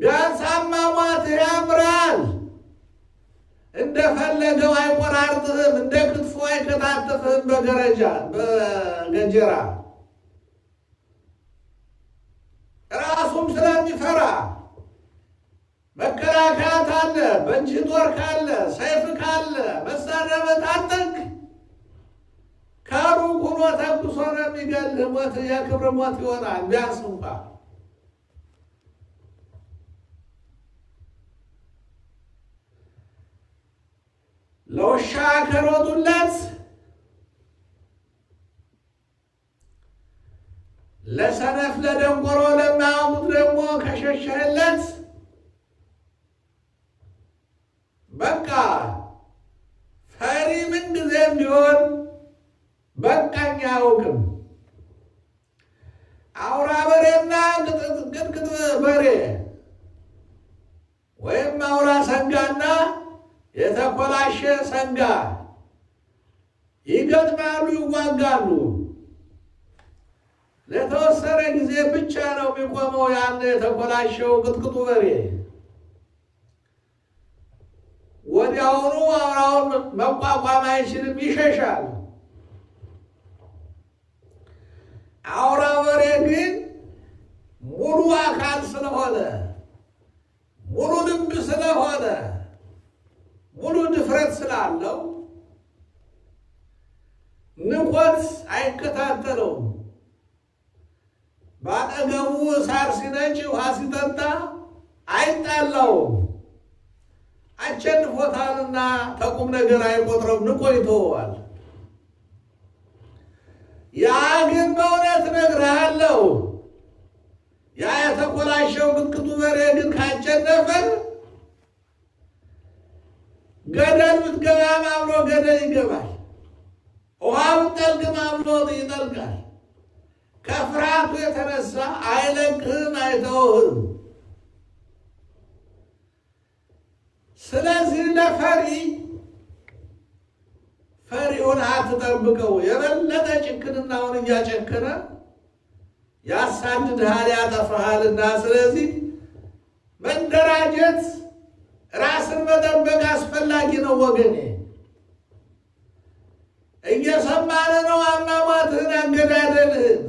ቢያንስ አሟሟትህ ያምራል። እንደፈለገው አይቆራርጥህም፣ እንደ ክትፎ አይከታትፍህም በገረጃ በገጀራ ራሱም ስለሚፈራ መከላከያ ካለ በእንጂ ጦር ካለ ሰይፍ ካለ መሳሪያ በታጠቅ ከሩቅ ሆኖ ተኩሶ ነው የሚገልህ። ሞት የክብር ሞት ይሆናል ቢያንስ እንኳ ለውሻ ከሮጡለት ወዲያውኑ አውራውን መቋቋም አይችልም፣ ይሸሻል። አውራ በሬ ግን ሙሉ አካል ስለሆነ ሙሉ ልብ ስለሆነ ሙሉ ድፍረት ስላለው ንኮት አይከታተለውም። በአጠገቡ ሳር ሲነጭ ውሃ ሲጠጣ አይጣላው አሸንፎታልና ተቁም ነገር አይቆጥረውም፣ ንቆ ይተወዋል። ያ ግን በእውነት እነግርሃለሁ ያ የተኮላሸው ብቅቱ በሬ ግን ካሸነፈ ገደል ብትገባም አብሮ ገደል ይገባል። ውሃ ብትጠልቅም አብሮ ይጠልቃል። ከፍርሃቱ የተነሳ አይለቅህም፣ አይተውህም። ስለዚህ ለፈሪ ፈሪውን አትጠብቀው። የበለጠ ጭክንናውን እያጨከነ ያሳድድሃል፣ ያጠፋሃልና። ስለዚህ መደራጀት፣ ራስን መጠበቅ አስፈላጊ ነው ወገኔ። እየሰማን ነው አሟሟትህን፣ አገዳደልህን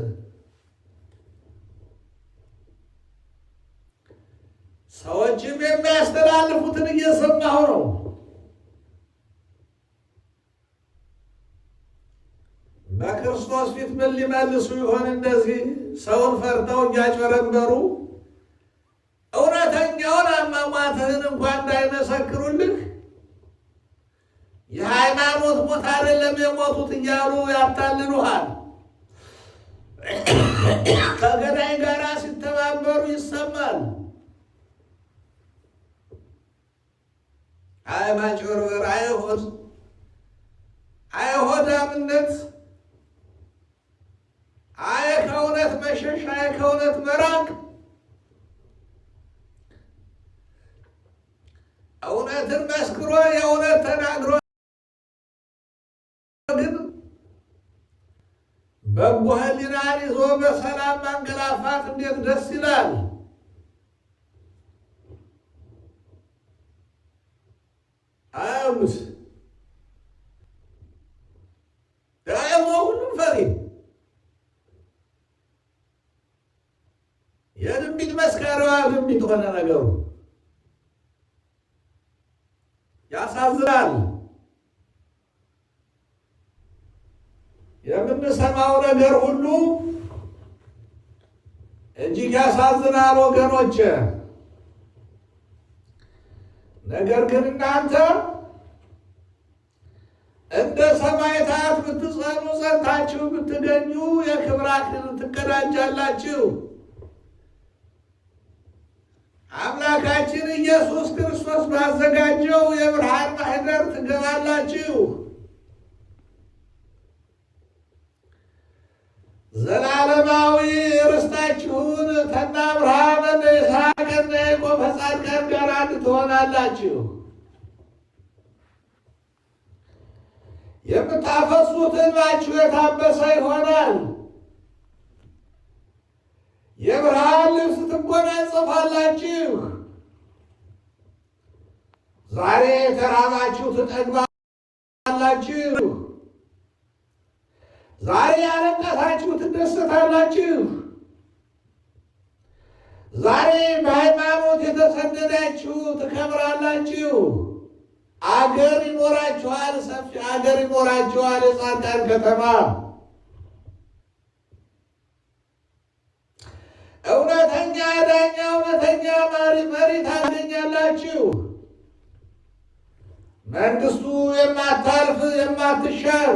ሰዎችም የሚያስተላልፉትን እየሰማሁ ነው። በክርስቶስ ፊት ምን ሊመልሱ ይሆን? እንደዚህ ሰውን ፈርተው እያጨረንበሩ እውነተኛውን አሟሟትህን እንኳን እንዳይመሰክሩልህ የሃይማኖት ሞት አይደለም የሞቱት እያሉ ያታልሉሃል። ከገዳይ ጋር ሲተባበሩ ይሰማል። አይ ማጭበርበር፣ አይ አይ ከእውነት መሸሽ፣ አይ ከእውነት መራቅ እውነትን መስክሮ የእውነት ተናግሮ ተመቸ። ነገር ግን እናንተ እንደ ሰማዕታት ብትጸኑ ጸንታችሁ ብትገኙ የክብር አክሊልን ትቀዳጃላችሁ። አምላካችን ኢየሱስ ክርስቶስ ባዘጋጀው የብርሃን ማህደር ትገባላችሁ። ዘላለማዊ ርስታችሁን ከነ አብርሃም እና ይስሐቅ እና ያዕቆብ ከጻድቃን ጋር አንድ ትሆናላችሁ። የምታፈሱት እንባችሁ የታበሰ ይሆናል። የብርሃን ልብስ ትጎናጸፋላችሁ። ዛሬ የተራባችሁ ትጠግባላችሁ። ዛሬ ያለቃታችሁ ትደሰታላችሁ። ዛሬ በሃይማኖት የተሰደዳችሁ ትከብራላችሁ። አገር ይኖራችኋል፣ ሰፊ አገር ይኖራችኋል። የጻድቃን ከተማ እውነተኛ ዳኛ፣ እውነተኛ መሪ መሪ ታገኛላችሁ። መንግስቱ የማታልፍ የማትሻር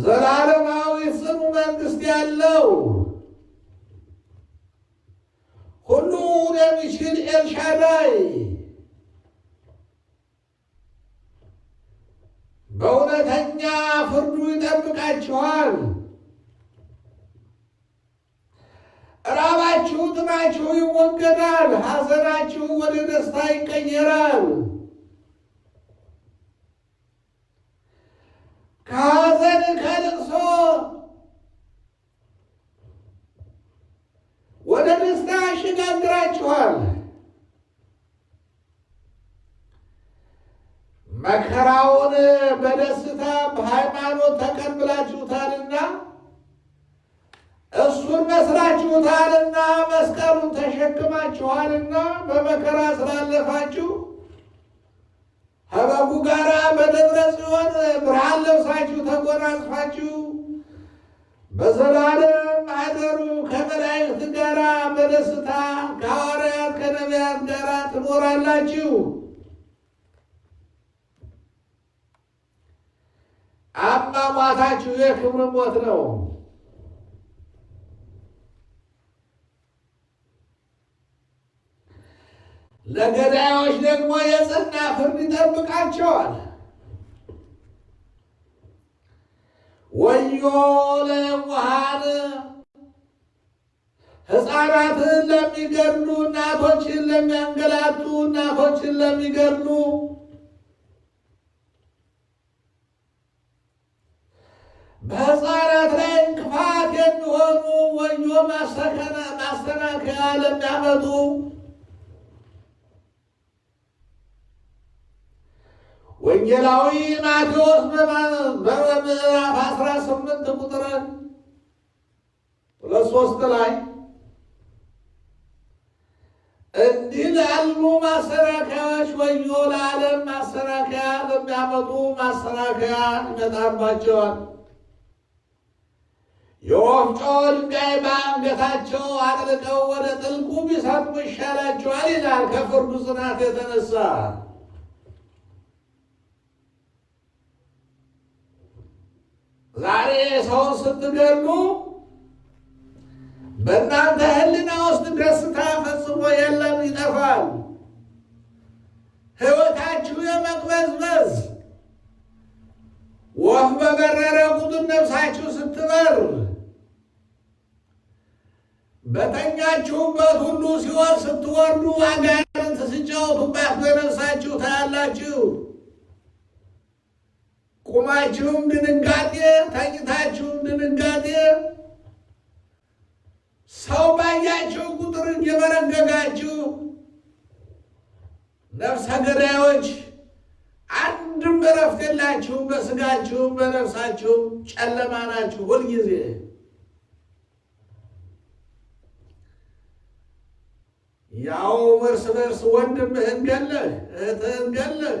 ዘላለማዊ ጽኑ መንግስት ያለው ሁሉን የሚችል ኤልሻዳይ በእውነተኛ ፍርዱ ይጠብቃችኋል። ራባችሁ፣ ጥማችሁ ይወገዳል። ሐዘናችሁ ወደ ደስታ ይቀየራል። ከሐዘን ከልቅሶ ወደ ደስታ ያሸጋግራችኋል። መከራውን በደስታ በሃይማኖት ተቀብላችሁታልና እሱን መስራችሁታልና መስቀሉን ተሸክማችኋልና በመከራ ስላለፋችሁ ከበጉ ጋራ በደብረ ጽዮን ብርሃን ተለያይታችሁ ተጎናጽፋችሁ በዘላለም አደሩ ከመላእክት ጋራ በደስታ ከሐዋርያት ከነቢያት ጋራ ትኖራላችሁ። አሟሟታችሁ የክብር ሞት ነው። ለገዳዮች ደግሞ የጽና ፍርድ ይጠብቃቸዋል። ወዮ ለየዋሃን ሕፃናትን ለሚገድሉ እናቶችን ለሚያንገላቱ እናቶችን ለሚገድሉ በሕፃናት ላይ እንቅፋት የሚሆኑ ወዮ ማስተካከያ ለሚያመጡ ወንጌላዊ ማቴዎስ በምዕራፍ አስራ ስምንት ቁጥር ሁለት ሶስት ላይ እንዲህ ላሉ ማሰራከያዎች ወዮ ለዓለም ማሰራከያ ለሚያመጡ ማሰራከያ ይመጣባቸዋል። የወፍጮ ድንጋይ በአንገታቸው አጥልቀው ወደ ጥልቁ ቢሰሙ ይሻላቸዋል ይላል ከፍርዱ ጽናት የተነሳ ሰውን ስትገሉ በእናንተ ሕሊና ውስጥ ደስታ ፈጽሞ የለም፣ ይጠፋል። ሕይወታችሁ የመቅበዝበዝ ወፍ በበረረ ቁጥር ነፍሳችሁ ስትበር በተኛችሁበት ሁሉ ሲወር ስትወርዱ አጋንንት ሲጫወቱባት በነፍሳችሁ ታያላችሁ። ቁማችሁም ድንጋጤ፣ ተኝታችሁም ድንጋጤ። ሰው ባያችሁ ቁጥር እየመረገጋችሁ ነፍሰ ገዳዮች አንድም እረፍት የላችሁም። በስጋችሁም በነፍሳችሁም ጨለማ ናችሁ ሁልጊዜ። ያው እርስ በርስ ወንድምህን ገለህ እህትህን ገለህ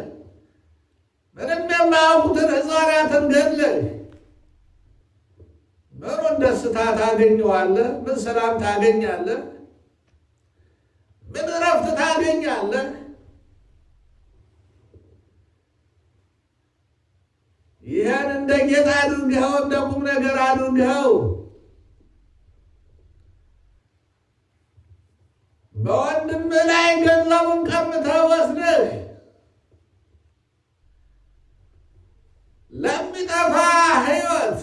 ምንም የማያውቁትን ሕፃናትን ገድለህ ምኑን ደስታ ታገኘዋለ ምን ሰላም ታገኛለ ምን እረፍት ታገኛለህ? ይህን እንደ ጌጥ አድርገኸው እንደ ቁም ነገር አድርገኸው በወንድም ላይ ገንዘቡን ቀምተህ ወስደህ ለሚጠፋ ህይወት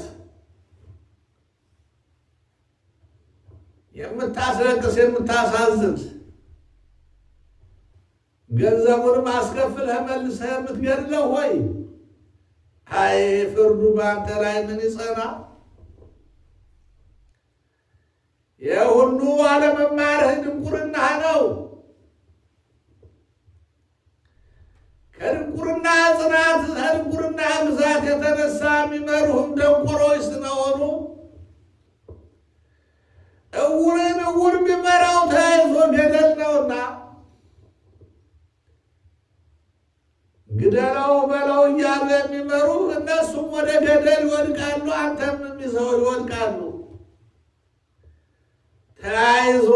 የምታስለቅስ የምታሳዝን ገንዘቡን አስከፍልህ መልሰህ የምትገድለው ሆይ አይ ፍርዱ በአንተ ላይ ምን ይጸና? የሁሉ አለመማርህ ድንቁርና ነው። ከድንቁርና ጽናት ከድንቁርና ብዛት የተነሳ የሚመሩህም ደንቆሮች ስለሆኑ እውርን እውር የሚመራው ተያይዞ ገደል ነውና ግደለው በለው እያሉ የሚመሩ እነሱም ወደ ገደል ይወድቃሉ፣ አንተም የሚዘው ይወድቃሉ። ተያይዞ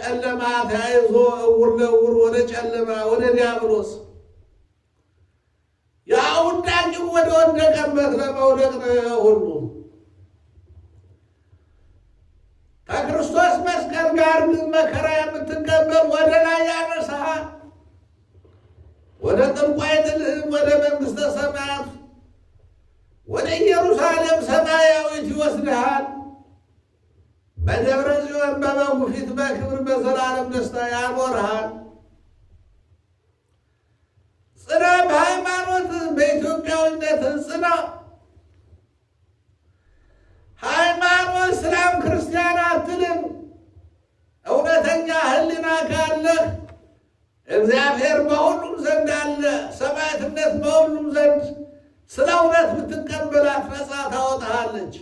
ጨለማ ተያይዞ እውር ለእውር ወደ ጨለማ ወደ ዲያብሎስ ያውዳችሁ ወደ ወደቀበት ለመውደቅ ነው ሁሉ ከክርስቶስ መስቀል ጋር መከራ የምትቀበል ወደ ላይ ያነሳል፣ ወደ ጥንቋይ ትልህም ወደ መንግሥተ ሰማያት ወደ ኢየሩሳሌም ሰማያዊት ይወስድሃል። በደብረ ጽዮን በበጉ ፊት በክብር በዘላለም ደስታ ያኖርሃል። ጽና፣ በሃይማኖት በኢትዮጵያዊነት ጽና። ሃይማኖት እስላም ክርስቲያን አትልም። እውነተኛ ህሊና ካለ እግዚአብሔር በሁሉም ዘንድ አለ። ሰማዕትነት በሁሉም ዘንድ ስለ እውነት ብትቀበላት ነፃ ታወጣሃለች።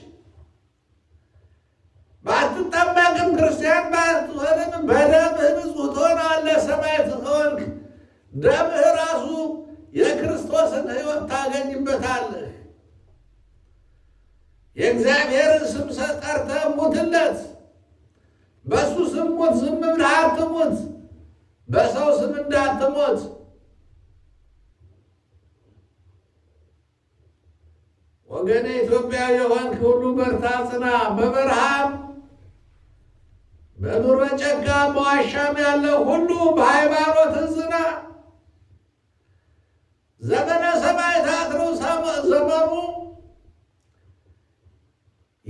ባትጠመቅም ክርስቲያን ባትሆንም በደምህ ንጹሕ ትሆናለህ ሰማዕት ከሆንክ ደምህ ራሱ የክርስቶስን ሕይወት ታገኝበታለህ። የእግዚአብሔርን ስም ጠርተህ ሙትለት። በእሱ ስም ሞት፣ ዝም ብለህ አትሙት። በሰው ስም እንዳትሞት። ወገኔ ኢትዮጵያዊ የሆንክ ሁሉ በርታ፣ ጽና። በበረሃም በዱር በጨካ በዋሻም ያለው ሁሉ በሃይማኖት ጽና። ዘመነ ሰማይ ነው ዘመኑ።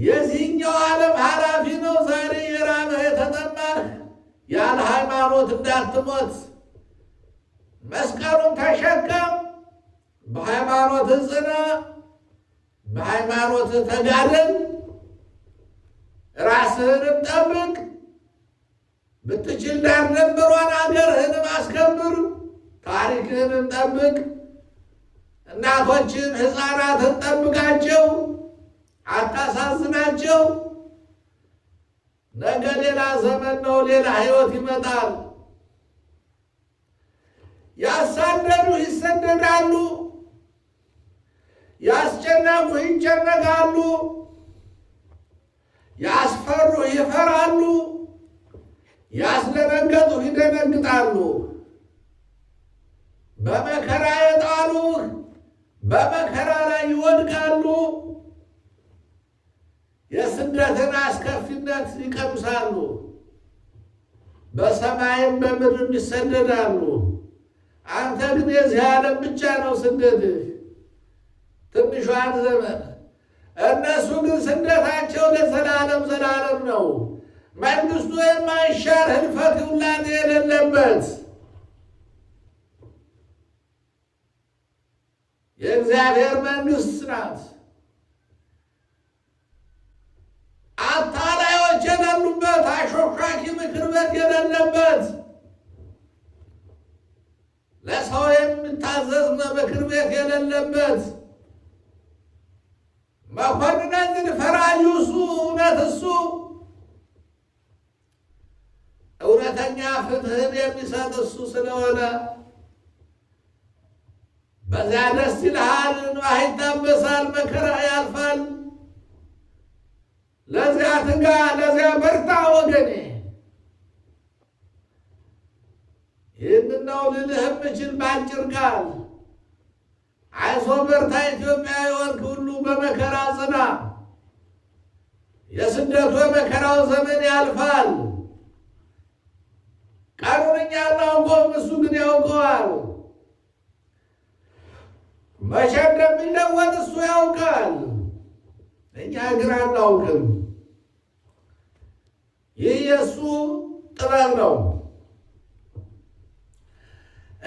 የዚህኛው ዓለም ኃላፊ ነው። ዛሬ የራበህ የተጠማህ ያለ ሃይማኖት እንዳትሞት መስቀሉን ተሸከም። በሃይማኖት ጽና፣ በሃይማኖት ተጋደል፣ ራስህንም ጠብቅ። ብትችል ዳር ነብሯን አገርህንም አስከብር፣ ታሪክህንም ጠብቅ። እናቶችን፣ ህፃናትን ጠብቃቸው፣ አታሳዝናቸው። ነገ ሌላ ዘመን ነው፣ ሌላ ህይወት ይመጣል። ያሳደዱ ይሰደዳሉ፣ ያስጨነቁ ይጨነቃሉ፣ ያስፈሩ ይፈራሉ፣ ያስደነገጡ ይደነግጣሉ። በመከራ የጣሉህ በመከራ ላይ ይወድቃሉ። የስደትን አስከፊነት ይቀምሳሉ። በሰማይም በምድርም ይሰደዳሉ። አንተ ግን የዚህ ዓለም ብቻ ነው ስደትህ ትንሿን ዘመን። እነሱ ግን ስደታቸው ለዘላለም ዘላለም ነው። መንግስቱ የማይሻር ህልፈት ሁላን የሌለበት የእግዚአብሔር መንግስት ናት። አታላዮች የሌሉበት፣ አሾሻኪ ምክር ቤት የሌለበት፣ ለሰው የሚታዘዝ ምክር ቤት የሌለበት መኮንነትን ፈራጁ እሱ እውነት እሱ እውነተኛ ፍትህን የሚሰጥ እሱ ስለሆነ በዚያ ደስ ይልሃል፣ ንባህ ይታበሳል፣ መከራ ያልፋል። ለዚያ ትጋ፣ ለዚያ በርታ ወገኔ። ይህንን ነው ልልህ የምችል በአጭር ቃል። አይሶ በርታ፣ ኢትዮጵያ የወንክ ሁሉ በመከራ ጽና። የስደቱ የመከራው ዘመን ያልፋል። ቀኑን እኛ እናውቀውም፣ እሱ ግን ያውቀዋል። መቼ እንደሚለወጥ እሱ ያውቃል፣ እኛ ግን አናውቅም። ይህ የእሱ ጥበብ ነው።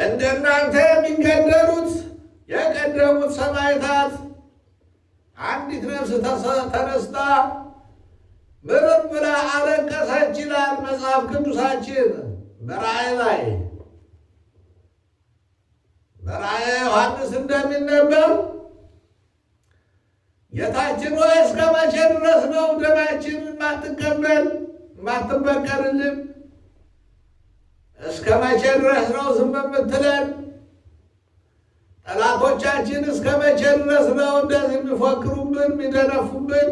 እንደናንተ የሚገደሉት የቀደሙት ሰማዕታት አንዲት ነፍስ ተነስታ ምርም ብላ አለቀሰች ይላል መጽሐፍ ቅዱሳችን በራእይ ላይ በራእየ ዮሐንስ እንደሚነበብ ጌታችን ሆይ እስከ መቼ ድረስ ነው ደማችን የማትቀበል የማትበቀልልን? እስከ መቼ ድረስ ነው ዝም የምትለን? ጠላቶቻችን እስከ መቼ ድረስ ነው እንደዚህ የሚፎክሩብን የሚደነፉብን?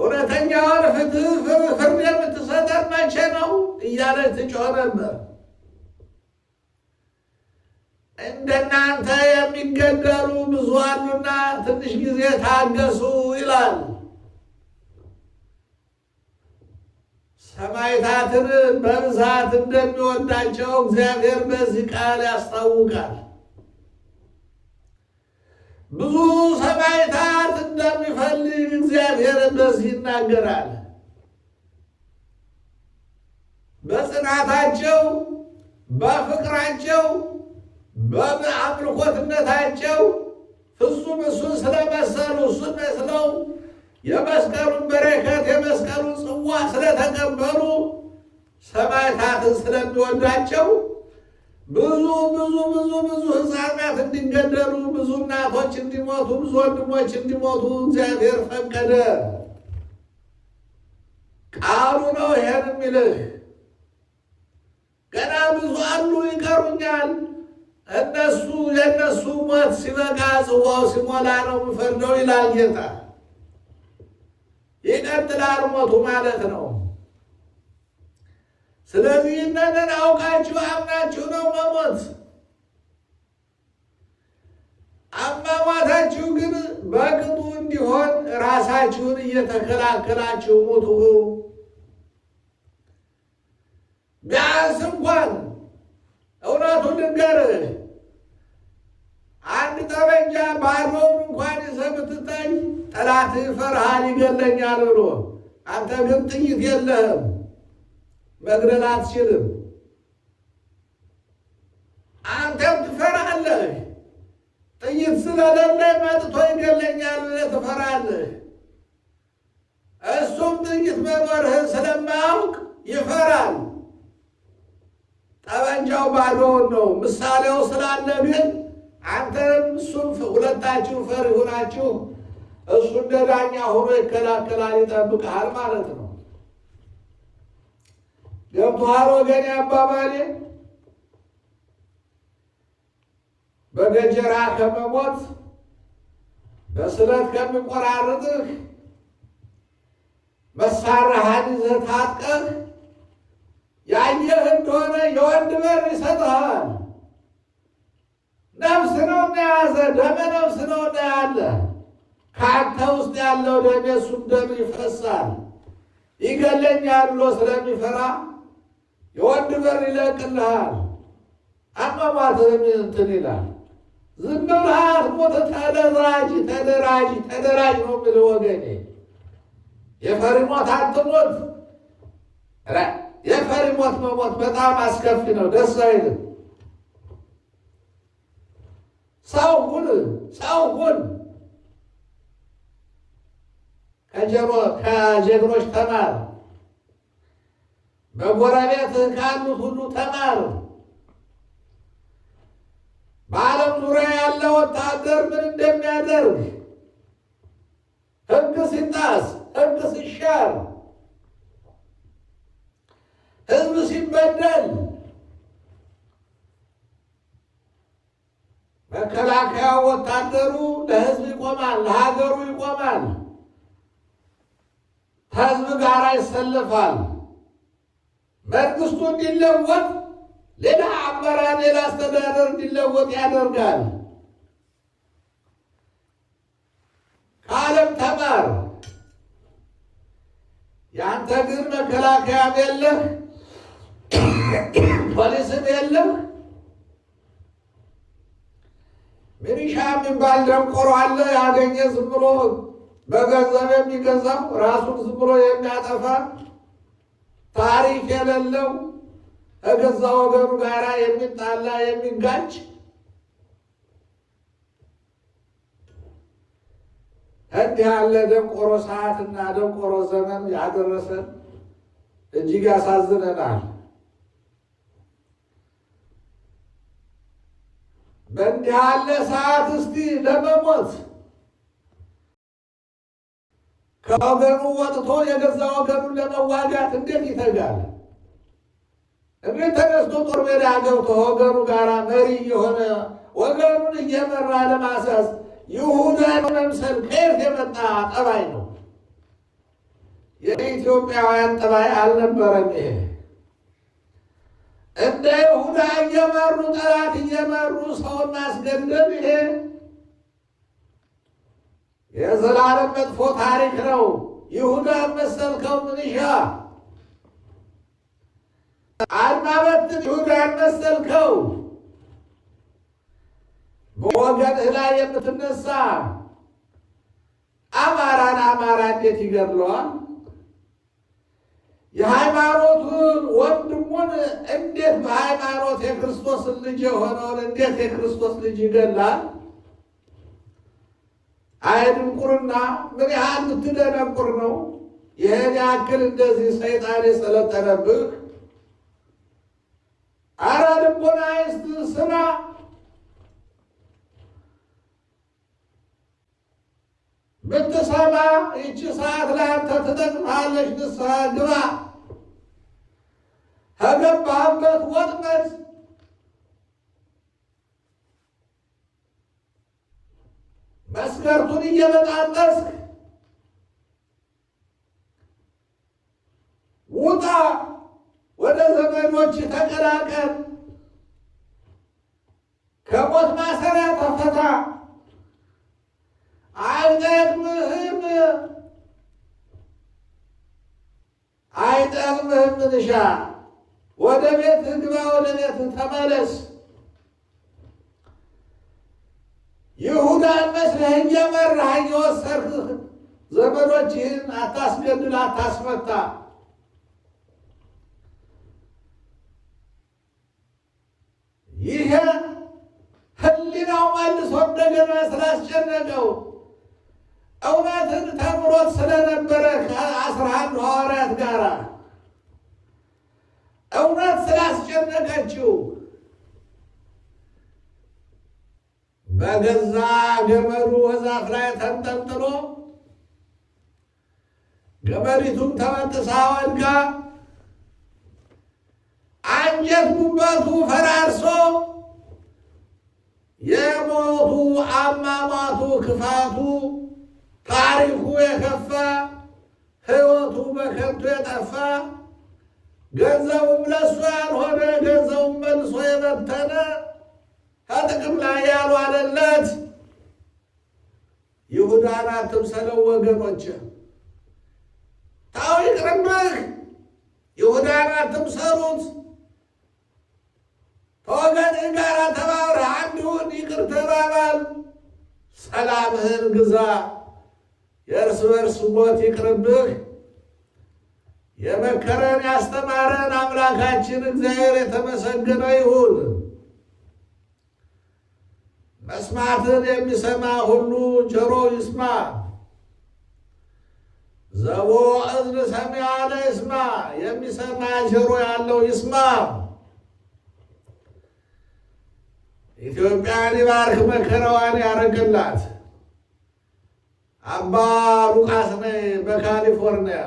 እውነተኛውን ፍትህ ፍርድ የምትሰጠን መቼ ነው እያለች ትጮህ ነበር። እንደናንተ የሚገደሉ ብዙ አሉና ትንሽ ጊዜ ታገሱ ይላል። ሰማይታትን በብዛት እንደሚወዳቸው እግዚአብሔር በዚህ ቃል ያስታውቃል። ብዙ ሰማይታት እንደሚፈልግ እግዚአብሔር በዚህ ይናገራል። በጽናታቸው በፍቅራቸው በአምልኮትነታቸው ፍጹም እሱን ስለመሰሉ እሱን መስለው የመስቀሉን በረከት የመስቀሉን ጽዋ ስለተቀበሉ ሰማዕታትን ስለሚወዳቸው ብዙ ብዙ ብዙ ብዙ ሕፃናት እንዲገደሉ ብዙ እናቶች እንዲሞቱ ብዙ ወንድሞች እንዲሞቱ እግዚአብሔር ፈቀደ። ቃሉ ነው ይሄን የሚልህ ገና ብዙ አሉ ይቀሩኛል እነሱ ለእነሱ ሞት ሲበቃ ጽዋው ሲሞላ ነው የሚፈርደው ይላል ጌታ። ይቀጥላል ሞቱ ማለት ነው። ስለዚህ እነንን አውቃችሁ አምናችሁ ነው መሞት። አሟሟታችሁ ግን በቅጡ እንዲሆን ራሳችሁን እየተከላከላችሁ ሙቱ። ቢያንስ እንኳን እውነቱን ልንገርህ አንድ ጠመንጃ ባዶውን እንኳን ይዘህ ጠላት ፈርሃን ይገለኛል ብሎ አንተ ግን ጥይት የለህም መግደል አትችልም። አንተም ትፈራለህ። ጥይት ስለሌለ መጥቶ ይገለኛል ብለህ ትፈራለህ። እሱም ጥይት መኖርህን ስለማያውቅ ይፈራል። ጠመንጃው ባዶውን ነው። ምሳሌው ስላለ ግን አንተም እሱም ሁለታችሁ ፈሪ ሁናችሁ እሱ እንደ ዳኛ ሆኖ ይከላከላል፣ ይጠብቅሃል ማለት ነው። ገብቶሃል ወገኔ አባባሌ? በገጀራ ከመሞት በስለት ከሚቆራርጥህ መሳሪያህን ይዘህ ታጥቀህ ያየህ እንደሆነ የወንድ በር ይሰጥሃል። ነፍስ ነው እንደያዘ ደመ ነፍስ ነው እንደያለ ከአንተ ውስጥ ያለው ደም እሱም ደም ይፈሳል። ይገለኛል ብሎ ስለሚፈራ የወንድ በር ይለቅልሃል። አቋማትህም እንትን ይላል። ዝም ብለህ አትሞት። ተደራጅ ተደራጅ ተደራጅ ነው የምልህ ወገኔ። የፈሪ ሞት አትሞት። የፈሪ ሞት መሞት በጣም አስከፊ ነው። ደስ አይልም። ሰው ሁን፣ ሰው ሁን። ከጀግኖች ተማር፣ በጎረቤት ካሉት ሁሉ ተማር። በዓለም ዙሪያ ያለ ወታደር ምን እንደሚያደርግ ሕግ ሲጣስ፣ ሕግ ሲሻር፣ ሕዝብ ሲበደል መከላከያ ወታደሩ ለህዝብ ይቆማል፣ ለሀገሩ ይቆማል፣ ከህዝብ ጋር ይሰለፋል መንግስቱ እንዲለወጥ ሌላ አመራር፣ ሌላ አስተዳደር እንዲለወጥ ያደርጋል። ከዓለም ተማር። የአንተ ግን መከላከያም የለህ፣ ፖሊስም የለህ ሚኒሻ የሚባል ደንቆሮ አለ ያገኘ ዝም ብሎ በገንዘብ የሚገዛው ራሱን ዝም ብሎ የሚያጠፋ ታሪክ የሌለው ከገዛ ወገኑ ጋር የሚጣላ የሚጋጭ እንዲህ ያለ ደንቆሮ ሰዓትና ደንቆሮ ዘመን ያደረሰን እጅግ ያሳዝነናል። በእንዲህ ያለ ሰዓት እስቲ ለመሞት ከወገኑ ወጥቶ የገዛ ወገኑን ለመዋጋት እንዴት ይተጋል? እንዴት ተነስቶ ጦር ሜዳ ገብቶ ወገኑ ጋር መሪ የሆነ ወገኑን እየመራ ለማሳዝ ይሁዳን መምሰል ከየት የመጣ ጠባይ ነው? የኢትዮጵያውያን ጠባይ አልነበረም ይሄ። እንደ ይሁዳ እየመሩ ጠላት እየመሩ ሰውን ማስገደል ይሄ የዘላለም መጥፎ ታሪክ ነው። ይሁዳ መሰልከው ምንሻ አድማበትን ይሁዳን መሰልከው በወገንህ ላይ የምትነሳ አማራን አማራ እንዴት ይገድለዋል? የሃይማኖቱን ወንድሙን እንዴት በሃይማኖት የክርስቶስን ልጅ የሆነውን እንዴት የክርስቶስ ልጅ ይገላል? አይድንቁርና ምን ያህል ልትደነቁር ነው? ይህን ያክል እንደዚህ ሰይጣን የሰለጠነብህ? አረ ልቦና ይስጥ ስራ ብትሰማ ይቺ ሰዓት ለአንተ ትጠቅምሃለች። ንስሐ ግባ። ከገባህበት ወጥመድ መስከርቱን እየበጣጠስክ ውጣ። ወደ ዘመኖች ተቀላቀል። ከሞት ማሰሪያ ተፈታ። አልመህ ምንሻ ወደ ቤት ግባ፣ ወደ ቤት ተመለስ። ይሁዳን መስለህ እየመራህ እየወሰድህ ዘመዶችህን አታስገድል፣ አታስመታ። ይሄ ህሊናው መልሶ እንደገና ስላስጨነቀው እውነትን ተምሮት ስለነበረ ከአስራ አንድ ሐዋርያት ጋር እውነት ስላስጨነቀችው በገዛ ገመዱ በዛፍ ላይ ተንጠልጥሎ ገመሪቱም ተመጥሳ ወድቃ አንጀት ጉበቱ ፈራርሶ የሞቱ አማማቱ ክፋቱ ታሪኩ የከፋ ሕይወቱ በከንቱ የጠፋ ገንዘቡም ለሱ ያልሆነ ገንዘቡም መልሶ የበተነ ከጥቅም ላይ ያልዋለለት ይሁዳን አትምሰለው ወገኖች፣ ታዊ ይቅርምህ። ይሁዳን አትምሰሉት። ከወገንህ ጋር ተባብረህ አንዱን ይቅር ተባባል። ሰላምህን ግዛ። የእርስ በርስ ሞት ይቅርብህ። የመከረን ያስተማረን አምላካችን እግዚአብሔር የተመሰገነ ይሁን። መስማትን የሚሰማ ሁሉ ጆሮ ይስማ። ዘቦ እዝን ሰሚዐ ይስማ! የሚሰማ ጆሮ ያለው ይስማ። ኢትዮጵያን ይባርክ፣ መከራዋን ያደርግላት። አባ ሉቃስ ነይ በካሊፎርኒያ